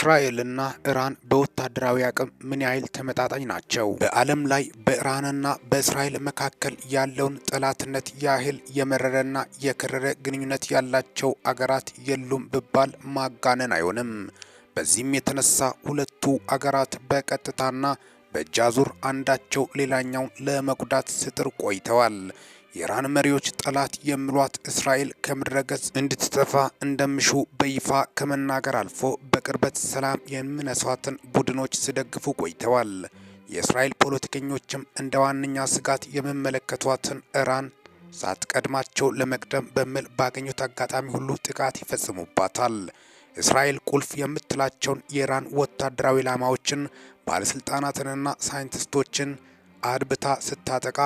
እስራኤልና ኢራን በወታደራዊ አቅም ምን ያህል ተመጣጣኝ ናቸው? በዓለም ላይ በኢራንና በእስራኤል መካከል ያለውን ጠላትነት ያህል የመረረና የከረረ ግንኙነት ያላቸው አገራት የሉም ብባል ማጋነን አይሆንም። በዚህም የተነሳ ሁለቱ አገራት በቀጥታና በእጅ አዙር አንዳቸው ሌላኛውን ለመጉዳት ስጥር ቆይተዋል። የኢራን መሪዎች ጠላት የሚሏት እስራኤል ከምድረገጽ እንድትጠፋ እንደምሹ በይፋ ከመናገር አልፎ በቅርበት ሰላም የሚነሷትን ቡድኖች ሲደግፉ ቆይተዋል። የእስራኤል ፖለቲከኞችም እንደ ዋነኛ ስጋት የሚመለከቷትን ኢራን ሳትቀድማቸው ለመቅደም በሚል ባገኙት አጋጣሚ ሁሉ ጥቃት ይፈጽሙባታል። እስራኤል ቁልፍ የምትላቸውን የኢራን ወታደራዊ ኢላማዎችን ባለስልጣናትንና ሳይንቲስቶችን አድብታ ስታጠቃ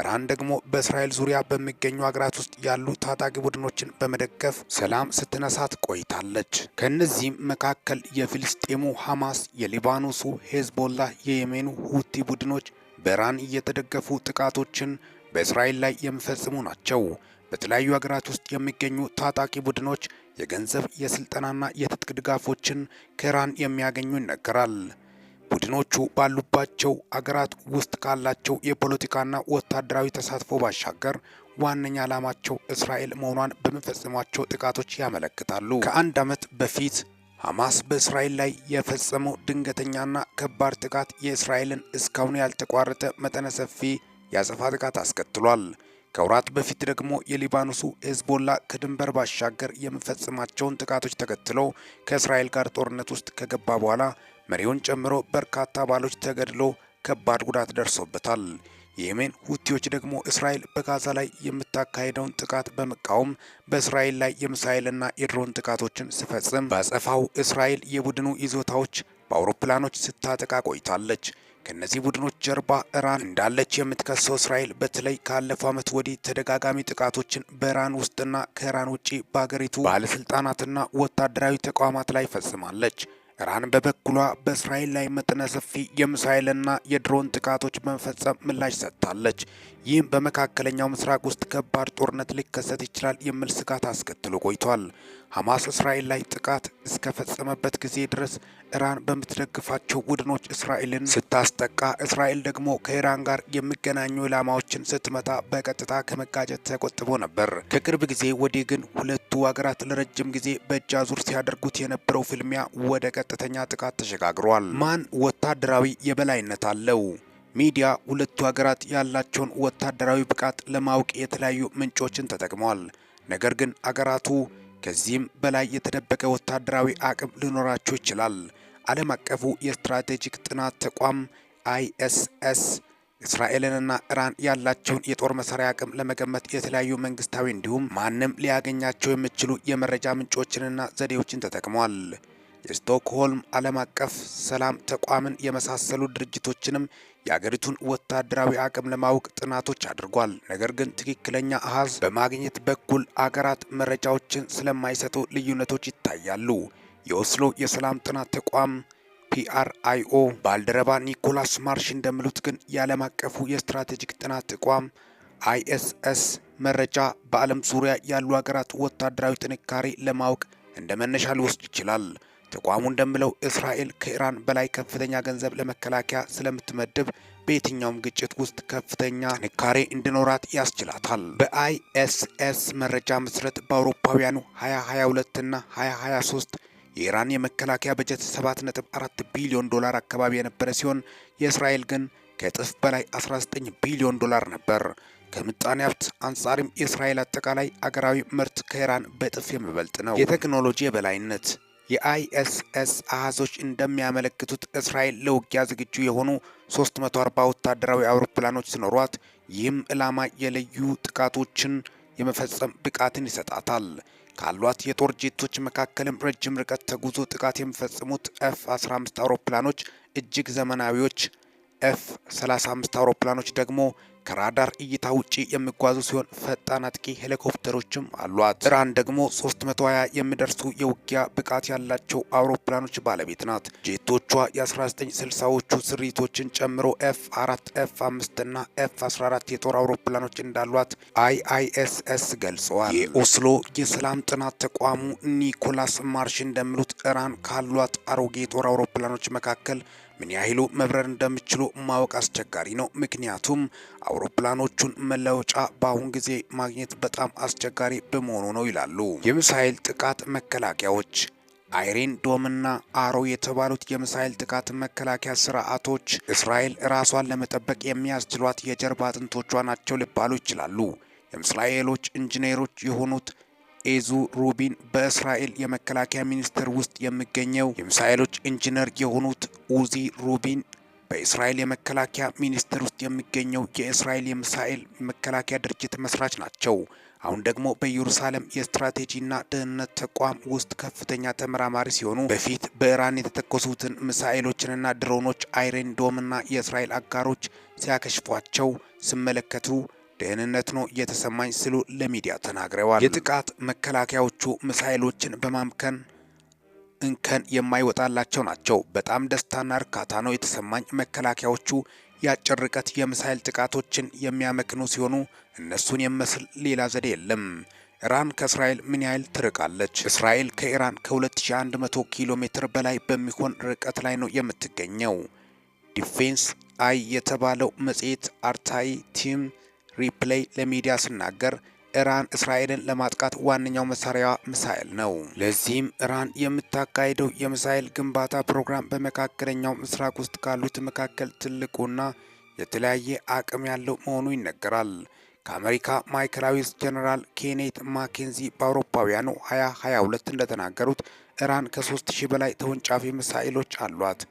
ኢራን ደግሞ በእስራኤል ዙሪያ በሚገኙ ሀገራት ውስጥ ያሉ ታጣቂ ቡድኖችን በመደገፍ ሰላም ስትነሳት ቆይታለች። ከእነዚህም መካከል የፊልስጤሙ ሐማስ፣ የሊባኖሱ ሄዝቦላ፣ የየሜኑ ሁቲ ቡድኖች በኢራን እየተደገፉ ጥቃቶችን በእስራኤል ላይ የሚፈጽሙ ናቸው። በተለያዩ ሀገራት ውስጥ የሚገኙ ታጣቂ ቡድኖች የገንዘብ የስልጠናና የትጥቅ ድጋፎችን ከኢራን የሚያገኙ ይነገራል። ቡድኖቹ ባሉባቸው አገራት ውስጥ ካላቸው የፖለቲካና ወታደራዊ ተሳትፎ ባሻገር ዋነኛ ዓላማቸው እስራኤል መሆኗን በሚፈጽሟቸው ጥቃቶች ያመለክታሉ። ከአንድ ዓመት በፊት ሐማስ በእስራኤል ላይ የፈጸመው ድንገተኛና ከባድ ጥቃት የእስራኤልን እስካሁን ያልተቋረጠ መጠነ ሰፊ የአጸፋ ጥቃት አስከትሏል። ከውራት በፊት ደግሞ የሊባኖሱ ሄዝቦላ ከድንበር ባሻገር የሚፈጽማቸውን ጥቃቶች ተከትለው ከእስራኤል ጋር ጦርነት ውስጥ ከገባ በኋላ መሪውን ጨምሮ በርካታ ባሎች ተገድሎ ከባድ ጉዳት ደርሶበታል። የየሜን ሁቲዎች ደግሞ እስራኤል በጋዛ ላይ የምታካሄደውን ጥቃት በመቃወም በእስራኤል ላይ የሚሳኤልና የድሮን ጥቃቶችን ስፈጽም፣ በጸፋው እስራኤል የቡድኑ ይዞታዎች በአውሮፕላኖች ስታጠቃ ቆይታለች። ከእነዚህ ቡድኖች ጀርባ ኢራን እንዳለች የምትከሰው እስራኤል በተለይ ካለፈው ዓመት ወዲህ ተደጋጋሚ ጥቃቶችን በኢራን ውስጥና ከኢራን ውጪ በአገሪቱ ባለስልጣናትና ወታደራዊ ተቋማት ላይ ፈጽማለች። ኢራን በበኩሏ በእስራኤል ላይ መጠነ ሰፊ የሚሳይልና የድሮን ጥቃቶች በመፈጸም ምላሽ ሰጥታለች። ይህም በመካከለኛው ምስራቅ ውስጥ ከባድ ጦርነት ሊከሰት ይችላል የሚል ስጋት አስከትሎ ቆይቷል። ሐማስ እስራኤል ላይ ጥቃት እስከፈጸመበት ጊዜ ድረስ ኢራን በምትደግፋቸው ቡድኖች እስራኤልን ስታስጠቃ እስራኤል ደግሞ ከኢራን ጋር የሚገናኙ ኢላማዎችን ስትመታ በቀጥታ ከመጋጨት ተቆጥቦ ነበር። ከቅርብ ጊዜ ወዲህ ግን ሁለቱ ሀገራት ለረጅም ጊዜ በእጅ አዙር ሲያደርጉት የነበረው ፍልሚያ ወደ ቀጥተኛ ጥቃት ተሸጋግሯል። ማን ወታደራዊ የበላይነት አለው? ሚዲያ ሁለቱ ሀገራት ያላቸውን ወታደራዊ ብቃት ለማወቅ የተለያዩ ምንጮችን ተጠቅሟል። ነገር ግን አገራቱ ከዚህም በላይ የተደበቀ ወታደራዊ አቅም ሊኖራቸው ይችላል። ዓለም አቀፉ የስትራቴጂክ ጥናት ተቋም አይኤስኤስ እስራኤልንና ኢራን ያላቸውን የጦር መሳሪያ አቅም ለመገመት የተለያዩ መንግስታዊ እንዲሁም ማንም ሊያገኛቸው የሚችሉ የመረጃ ምንጮችንና ዘዴዎችን ተጠቅሟል። የስቶክሆልም ዓለም አቀፍ ሰላም ተቋምን የመሳሰሉ ድርጅቶችንም የአገሪቱን ወታደራዊ አቅም ለማወቅ ጥናቶች አድርጓል። ነገር ግን ትክክለኛ አሃዝ በማግኘት በኩል አገራት መረጃዎችን ስለማይሰጡ ልዩነቶች ይታያሉ። የኦስሎ የሰላም ጥናት ተቋም ፒአርአይኦ ባልደረባ ኒኮላስ ማርሽ እንደሚሉት ግን የዓለም አቀፉ የስትራቴጂክ ጥናት ተቋም አይኤስኤስ መረጃ በዓለም ዙሪያ ያሉ አገራት ወታደራዊ ጥንካሬ ለማወቅ እንደ መነሻ ሊወስድ ይችላል። ተቋሙ እንደሚለው እስራኤል ከኢራን በላይ ከፍተኛ ገንዘብ ለመከላከያ ስለምትመድብ በየትኛውም ግጭት ውስጥ ከፍተኛ ጥንካሬ እንዲኖራት ያስችላታል። በአይኤስኤስ መረጃ መሰረት በአውሮፓውያኑ 2022 እና 2023 የኢራን የመከላከያ በጀት 7.4 ቢሊዮን ዶላር አካባቢ የነበረ ሲሆን የእስራኤል ግን ከእጥፍ በላይ 19 ቢሊዮን ዶላር ነበር። ከምጣኔ ሀብት አንጻርም የእስራኤል አጠቃላይ አገራዊ ምርት ከኢራን በእጥፍ የሚበልጥ ነው። የቴክኖሎጂ የበላይነት የአይኤስኤስ አሃዞች እንደሚያመለክቱት እስራኤል ለውጊያ ዝግጁ የሆኑ 340 ወታደራዊ አውሮፕላኖች ሲኖሯት ይህም ዕላማ የለዩ ጥቃቶችን የመፈጸም ብቃትን ይሰጣታል። ካሏት የጦር ጄቶች መካከልም ረጅም ርቀት ተጉዞ ጥቃት የሚፈጽሙት ኤፍ 15 አውሮፕላኖች እጅግ ዘመናዊዎች ኤፍ 35 አውሮፕላኖች ደግሞ ከራዳር እይታ ውጪ የሚጓዙ ሲሆን ፈጣን አጥቂ ሄሊኮፕተሮችም አሏት። ኢራን ደግሞ 320 የሚደርሱ የውጊያ ብቃት ያላቸው አውሮፕላኖች ባለቤት ናት። ጄቶቿ የ1960ዎቹ ስሪቶችን ጨምሮ ኤፍ 4 ኤፍ 5 እና ኤፍ 14 የጦር አውሮፕላኖች እንዳሏት አይአይኤስኤስ ገልጸዋል። የኦስሎ የሰላም ጥናት ተቋሙ ኒኮላስ ማርሽ እንደሚሉት ኢራን ካሏት አሮጌ የጦር አውሮፕላኖች መካከል ምን ያህሉ መብረር እንደሚችሉ ማወቅ አስቸጋሪ ነው። ምክንያቱም አውሮፕላኖቹን መለወጫ በአሁን ጊዜ ማግኘት በጣም አስቸጋሪ በመሆኑ ነው ይላሉ የሚሳኤል ጥቃት መከላከያዎች። አይሬን ዶምና አሮ የተባሉት የሚሳኤል ጥቃት መከላከያ ስርዓቶች እስራኤል ራሷን ለመጠበቅ የሚያስችሏት የጀርባ አጥንቶቿ ናቸው ሊባሉ ይችላሉ። የእስራኤሎች ኢንጂነሮች የሆኑት ኤዙ ሩቢን በእስራኤል የመከላከያ ሚኒስቴር ውስጥ የሚገኘው የሚሳኤሎች ኢንጂነር የሆኑት ኡዚ ሩቢን በእስራኤል የመከላከያ ሚኒስቴር ውስጥ የሚገኘው የእስራኤል የሚሳኤል መከላከያ ድርጅት መስራች ናቸው። አሁን ደግሞ በኢየሩሳሌም የስትራቴጂና ደህንነት ተቋም ውስጥ ከፍተኛ ተመራማሪ ሲሆኑ በፊት በኢራን የተተኮሱትን ሚሳኤሎችንና ድሮኖች አይረን ዶምና የእስራኤል አጋሮች ሲያከሽፏቸው ሲመለከቱ ደህንነት ነው የተሰማኝ ሲሉ ለሚዲያ ተናግረዋል። የጥቃት መከላከያዎቹ ሚሳኤሎችን በማምከን እንከን የማይወጣላቸው ናቸው። በጣም ደስታና እርካታ ነው የተሰማኝ። መከላከያዎቹ የአጭር ርቀት የሚሳኤል ጥቃቶችን የሚያመክኑ ሲሆኑ እነሱን የሚመስል ሌላ ዘዴ የለም። ኢራን ከእስራኤል ምን ያህል ትርቃለች? እስራኤል ከኢራን ከ2100 ኪሎ ሜትር በላይ በሚሆን ርቀት ላይ ነው የምትገኘው። ዲፌንስ አይ የተባለው መጽሔት አርታይ ቲም ሪፕሌይ ለሚዲያ ስናገር ኢራን እስራኤልን ለማጥቃት ዋነኛው መሳሪያዋ ሚሳኤል ነው። ለዚህም ኢራን የምታካሄደው የሚሳኤል ግንባታ ፕሮግራም በመካከለኛው ምስራቅ ውስጥ ካሉት መካከል ትልቁና የተለያየ አቅም ያለው መሆኑ ይነገራል። ከአሜሪካ ማዕከላዊ ጄኔራል ኬኔት ማኬንዚ በአውሮፓውያኑ 2022 እንደተናገሩት ኢራን ከ3000 በላይ ተወንጫፊ ሚሳኤሎች አሏት።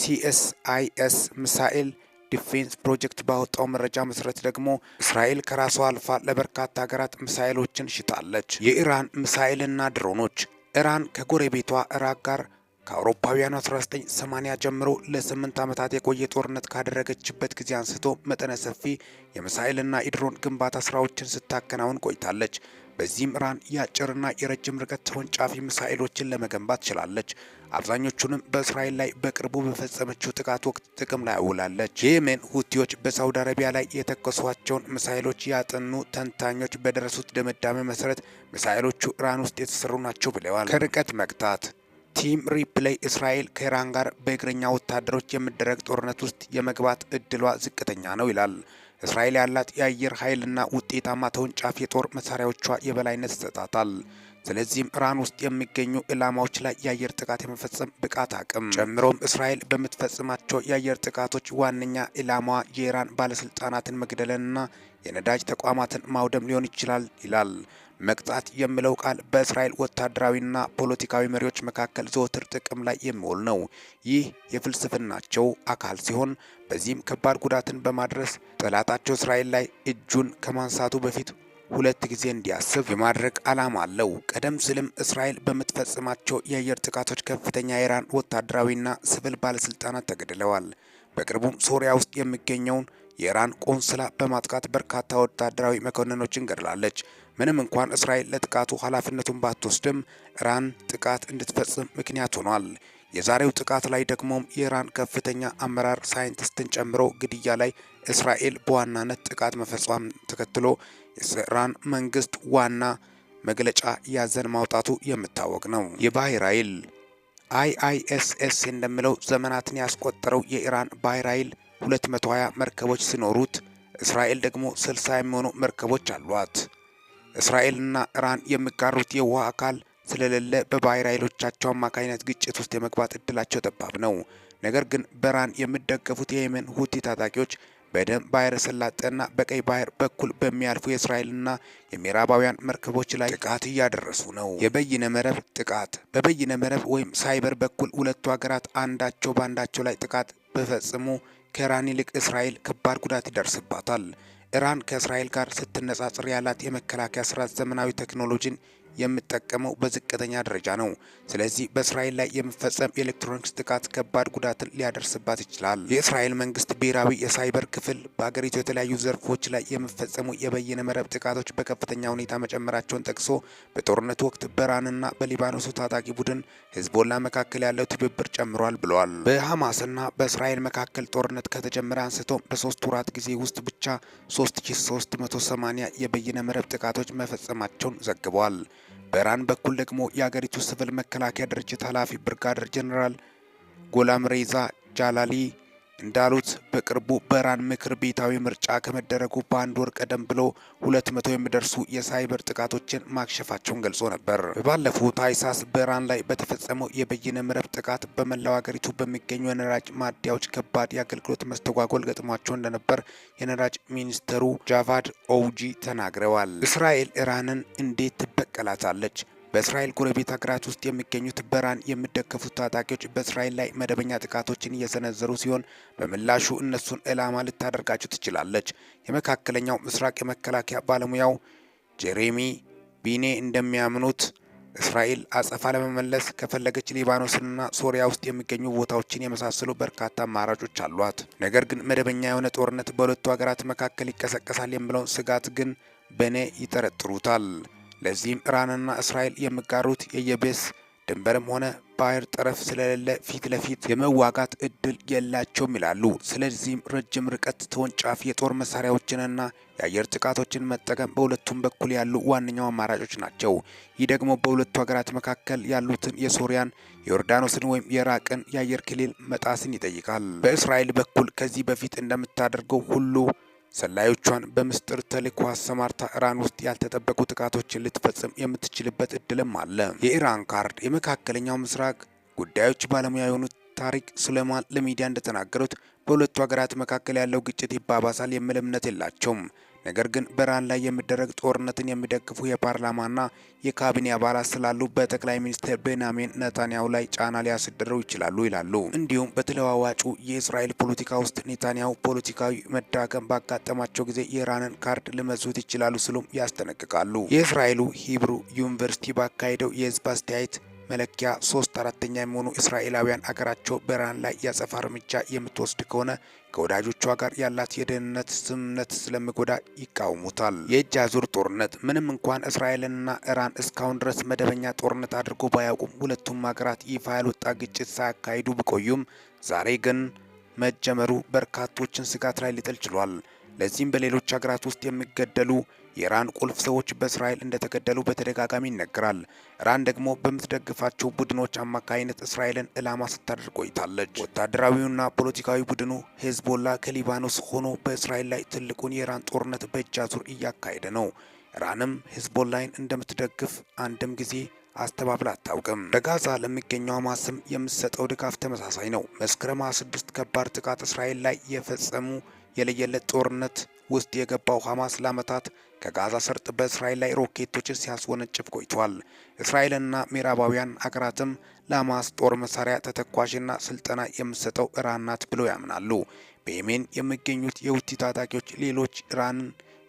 ሲኤስአይኤስ ሚሳኤል ዲፌንስ ፕሮጀክት ባወጣው መረጃ መሰረት ደግሞ እስራኤል ከራሷ አልፋ ለበርካታ ሀገራት ምሳኤሎችን ሽጣለች። የኢራን ምሳኤልና ድሮኖች ኢራን ከጎረቤቷ ኢራቅ ጋር ከአውሮፓውያኑ 1980 ጀምሮ ለ8 ዓመታት የቆየ ጦርነት ካደረገችበት ጊዜ አንስቶ መጠነ ሰፊ የምሳኤልና የድሮን ግንባታ ስራዎችን ስታከናውን ቆይታለች። በዚህም ኢራን የአጭርና የረጅም ርቀት ተወንጫፊ ሚሳኤሎችን ለመገንባት ችላለች። አብዛኞቹንም በእስራኤል ላይ በቅርቡ በፈጸመችው ጥቃት ወቅት ጥቅም ላይ አውላለች። የየመን ሁቲዎች በሳውዲ አረቢያ ላይ የተኮሷቸውን ሚሳኤሎች ያጠኑ ተንታኞች በደረሱት ድምዳሜ መሰረት ሚሳኤሎቹ ኢራን ውስጥ የተሰሩ ናቸው ብለዋል። ከርቀት መግታት ቲም ሪፕሌይ እስራኤል ከኢራን ጋር በእግረኛ ወታደሮች የሚደረግ ጦርነት ውስጥ የመግባት እድሏ ዝቅተኛ ነው ይላል። እስራኤል ያላት የአየር ኃይልና ውጤታማ ተወንጫፊ የጦር መሳሪያዎቿ የበላይነት ይሰጣታል። ስለዚህም ኢራን ውስጥ የሚገኙ ኢላማዎች ላይ የአየር ጥቃት የመፈጸም ብቃት አቅም ጨምሮም እስራኤል በምትፈጽማቸው የአየር ጥቃቶች ዋነኛ ኢላማዋ የኢራን ባለስልጣናትን መግደልንና የነዳጅ ተቋማትን ማውደም ሊሆን ይችላል ይላል። መቅጣት የሚለው ቃል በእስራኤል ወታደራዊና ፖለቲካዊ መሪዎች መካከል ዘወትር ጥቅም ላይ የሚውል ነው። ይህ የፍልስፍናቸው አካል ሲሆን በዚህም ከባድ ጉዳትን በማድረስ ጠላታቸው እስራኤል ላይ እጁን ከማንሳቱ በፊት ሁለት ጊዜ እንዲያስብ የማድረግ ዓላማ አለው። ቀደም ሲልም እስራኤል በምትፈጽማቸው የአየር ጥቃቶች ከፍተኛ የኢራን ወታደራዊና ሲቪል ባለስልጣናት ተገድለዋል። በቅርቡም ሶሪያ ውስጥ የሚገኘውን የኢራን ቆንስላ በማጥቃት በርካታ ወታደራዊ መኮንኖችን ገድላለች። ምንም እንኳን እስራኤል ለጥቃቱ ኃላፊነቱን ባትወስድም ኢራን ጥቃት እንድትፈጽም ምክንያት ሆኗል። የዛሬው ጥቃት ላይ ደግሞም የኢራን ከፍተኛ አመራር ሳይንቲስትን ጨምሮ ግድያ ላይ እስራኤል በዋናነት ጥቃት መፈጸሟን ተከትሎ የኢራን መንግስት ዋና መግለጫ ያዘን ማውጣቱ የሚታወቅ ነው። የባህር ኃይል አይአይኤስኤስ እንደሚለው ዘመናትን ያስቆጠረው የኢራን ባህር ኃይል 220 መርከቦች ሲኖሩት እስራኤል ደግሞ 60 የሚሆኑ መርከቦች አሏት። እስራኤልና ኢራን የሚጋሩት የውሃ አካል ስለሌለ በባህር ኃይሎቻቸው አማካኝነት ግጭት ውስጥ የመግባት እድላቸው ጠባብ ነው። ነገር ግን በኢራን የሚደገፉት የየመን ሁቲ ታጣቂዎች በደም ባህረ ሰላጤና በቀይ ባህር በኩል በሚያልፉ የእስራኤልና የምዕራባውያን መርከቦች ላይ ጥቃት እያደረሱ ነው። የበይነ መረብ ጥቃት በበይነ መረብ ወይም ሳይበር በኩል ሁለቱ ሀገራት አንዳቸው በአንዳቸው ላይ ጥቃት በፈጽሙ ከኢራን ይልቅ እስራኤል ከባድ ጉዳት ይደርስባታል። ኢራን ከእስራኤል ጋር ስትነጻጽር ያላት የመከላከያ ስርዓት ዘመናዊ ቴክኖሎጂን የምጠቀመው በዝቅተኛ ደረጃ ነው። ስለዚህ በእስራኤል ላይ የሚፈጸም የኤሌክትሮኒክስ ጥቃት ከባድ ጉዳትን ሊያደርስባት ይችላል። የእስራኤል መንግስት ብሔራዊ የሳይበር ክፍል በሀገሪቱ የተለያዩ ዘርፎች ላይ የሚፈጸሙ የበይነ መረብ ጥቃቶች በከፍተኛ ሁኔታ መጨመራቸውን ጠቅሶ በጦርነቱ ወቅት በኢራንና በሊባኖሱ ታጣቂ ቡድን ህዝቦላ መካከል ያለው ትብብር ጨምሯል ብለዋል። በሐማስና በእስራኤል መካከል ጦርነት ከተጀመረ አንስቶ በሶስት ወራት ጊዜ ውስጥ ብቻ 3380 የበይነ መረብ ጥቃቶች መፈጸማቸውን ዘግበዋል። በኢራን በኩል ደግሞ የአገሪቱ ሲቪል መከላከያ ድርጅት ኃላፊ ብርጋደር ጄኔራል ጎላም ሬዛ ጃላሊ እንዳሉት በቅርቡ በኢራን ምክር ቤታዊ ምርጫ ከመደረጉ በአንድ ወር ቀደም ብሎ ሁለት መቶ የሚደርሱ የሳይበር ጥቃቶችን ማክሸፋቸውን ገልጾ ነበር። ባለፈው አይሳስ በኢራን ላይ በተፈጸመው የበይነ መረብ ጥቃት በመላው ሀገሪቱ በሚገኙ የነዳጅ ማደያዎች ከባድ የአገልግሎት መስተጓጎል ገጥሟቸው እንደነበር የነዳጅ ሚኒስትሩ ጃቫድ ኦውጂ ተናግረዋል። እስራኤል ኢራንን እንዴት ትበቀላታለች? በእስራኤል ጎረቤት ሀገራት ውስጥ የሚገኙት በኢራን የሚደገፉት ታጣቂዎች በእስራኤል ላይ መደበኛ ጥቃቶችን እየሰነዘሩ ሲሆን በምላሹ እነሱን ዕላማ ልታደርጋቸው ትችላለች። የመካከለኛው ምስራቅ የመከላከያ ባለሙያው ጄሬሚ ቢኔ እንደሚያምኑት እስራኤል አጸፋ ለመመለስ ከፈለገች ሊባኖስና ሶሪያ ውስጥ የሚገኙ ቦታዎችን የመሳሰሉ በርካታ አማራጮች አሏት። ነገር ግን መደበኛ የሆነ ጦርነት በሁለቱ ሀገራት መካከል ይቀሰቀሳል የሚለውን ስጋት ግን በእኔ ይጠረጥሩታል። ለዚህም ኢራንና እስራኤል የሚጋሩት የየቤስ ድንበርም ሆነ ባህር ጠረፍ ስለሌለ ፊት ለፊት የመዋጋት እድል የላቸውም ይላሉ። ስለዚህም ረጅም ርቀት ተወንጫፊ የጦር መሳሪያዎችንና የአየር ጥቃቶችን መጠቀም በሁለቱም በኩል ያሉ ዋነኛው አማራጮች ናቸው። ይህ ደግሞ በሁለቱ ሀገራት መካከል ያሉትን የሶሪያን፣ የዮርዳኖስን ወይም የኢራቅን የአየር ክልል መጣስን ይጠይቃል። በእስራኤል በኩል ከዚህ በፊት እንደምታደርገው ሁሉ ሰላዮቿን በምስጢር ተልዕኮ አሰማርታ ኢራን ውስጥ ያልተጠበቁ ጥቃቶችን ልትፈጽም የምትችልበት እድልም አለ። የኢራን ካርድ የመካከለኛው ምስራቅ ጉዳዮች ባለሙያ የሆኑት ታሪክ ሱሌማን ለሚዲያ እንደተናገሩት በሁለቱ ሀገራት መካከል ያለው ግጭት ይባባሳል የሚል እምነት የላቸውም። ነገር ግን በኢራን ላይ የሚደረግ ጦርነትን የሚደግፉ የፓርላማና የካቢኔ አባላት ስላሉ በጠቅላይ ሚኒስትር ቤንያሚን ነታንያሁ ላይ ጫና ሊያስደረው ይችላሉ ይላሉ። እንዲሁም በተለዋዋጩ የእስራኤል ፖለቲካ ውስጥ ኔታንያሁ ፖለቲካዊ መዳከም ባጋጠማቸው ጊዜ የኢራንን ካርድ ሊመዙት ይችላሉ ሲሉም ያስጠነቅቃሉ። የእስራኤሉ ሂብሩ ዩኒቨርሲቲ ባካሄደው የህዝብ አስተያየት መለኪያ ሶስት አራተኛ የሚሆኑ እስራኤላውያን አገራቸው በኢራን ላይ ያጸፋ እርምጃ የምትወስድ ከሆነ ከወዳጆቿ ጋር ያላት የደህንነት ስምምነት ስለሚጎዳ ይቃውሙታል። የእጅ አዙር ጦርነት ምንም እንኳን እስራኤልና ኢራን እስካሁን ድረስ መደበኛ ጦርነት አድርጎ ባያውቁም ሁለቱም ሀገራት ይፋ ያልወጣ ግጭት ሳያካሂዱ ቢቆዩም ዛሬ ግን መጀመሩ በርካቶችን ስጋት ላይ ሊጥል ችሏል። ለዚህም በሌሎች ሀገራት ውስጥ የሚገደሉ የኢራን ቁልፍ ሰዎች በእስራኤል እንደተገደሉ በተደጋጋሚ ይነገራል። ኢራን ደግሞ በምትደግፋቸው ቡድኖች አማካይነት እስራኤልን ዕላማ ስታደርግ ቆይታለች። ወታደራዊውና ፖለቲካዊ ቡድኑ ሄዝቦላ ከሊባኖስ ሆኖ በእስራኤል ላይ ትልቁን የኢራን ጦርነት በእጅ አዙር እያካሄደ ነው። ኢራንም ሄዝቦላይን እንደምትደግፍ አንድም ጊዜ አስተባብላ አታውቅም። በጋዛ ለሚገኘው ሐማስም የምትሰጠው ድጋፍ ተመሳሳይ ነው። መስከረም 26 ከባድ ጥቃት እስራኤል ላይ የፈጸሙ የለየለት ጦርነት ውስጥ የገባው ሐማስ ለዓመታት ከጋዛ ሰርጥ በእስራኤል ላይ ሮኬቶችን ሲያስወነጭፍ ቆይቷል። እስራኤልና ምዕራባውያን አገራትም ለሐማስ ጦር መሳሪያ ተተኳሽና ስልጠና የምትሰጠው ኢራን ናት ብለው ያምናሉ። በየሜን የሚገኙት የውቲ ታጣቂዎች ሌሎች ኢራንን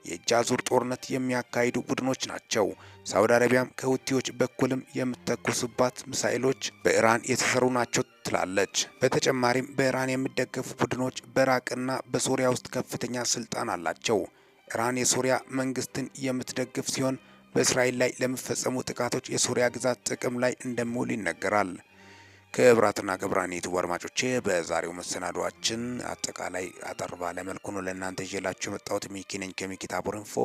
የእጅ አዙር ጦርነት የሚያካሂዱ ቡድኖች ናቸው። ሳውዲ አረቢያም ከሁቲዎች በኩልም የምተኩሱባት ሚሳኤሎች በኢራን የተሰሩ ናቸው ትላለች። በተጨማሪም በኢራን የሚደገፉ ቡድኖች በኢራቅና በሶሪያ ውስጥ ከፍተኛ ስልጣን አላቸው። ኢራን የሶሪያ መንግስትን የምትደግፍ ሲሆን በእስራኤል ላይ ለሚፈጸሙ ጥቃቶች የሶሪያ ግዛት ጥቅም ላይ እንደሚውል ይነገራል። ክብራትና ክብራን ዩቱብ አድማጮቼ በዛሬው መሰናዷችን አጠቃላይ አጠር ባለ መልኩ ነው ለእናንተ ይዤላችሁ የመጣሁት። ሚኪ ነኝ ከሚኪ ታቦር ኢንፎ።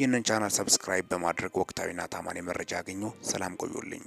ይህንን ቻናል ሰብስክራይብ በማድረግ ወቅታዊና ታማኝ መረጃ አገኙ። ሰላም ቆዩልኝ።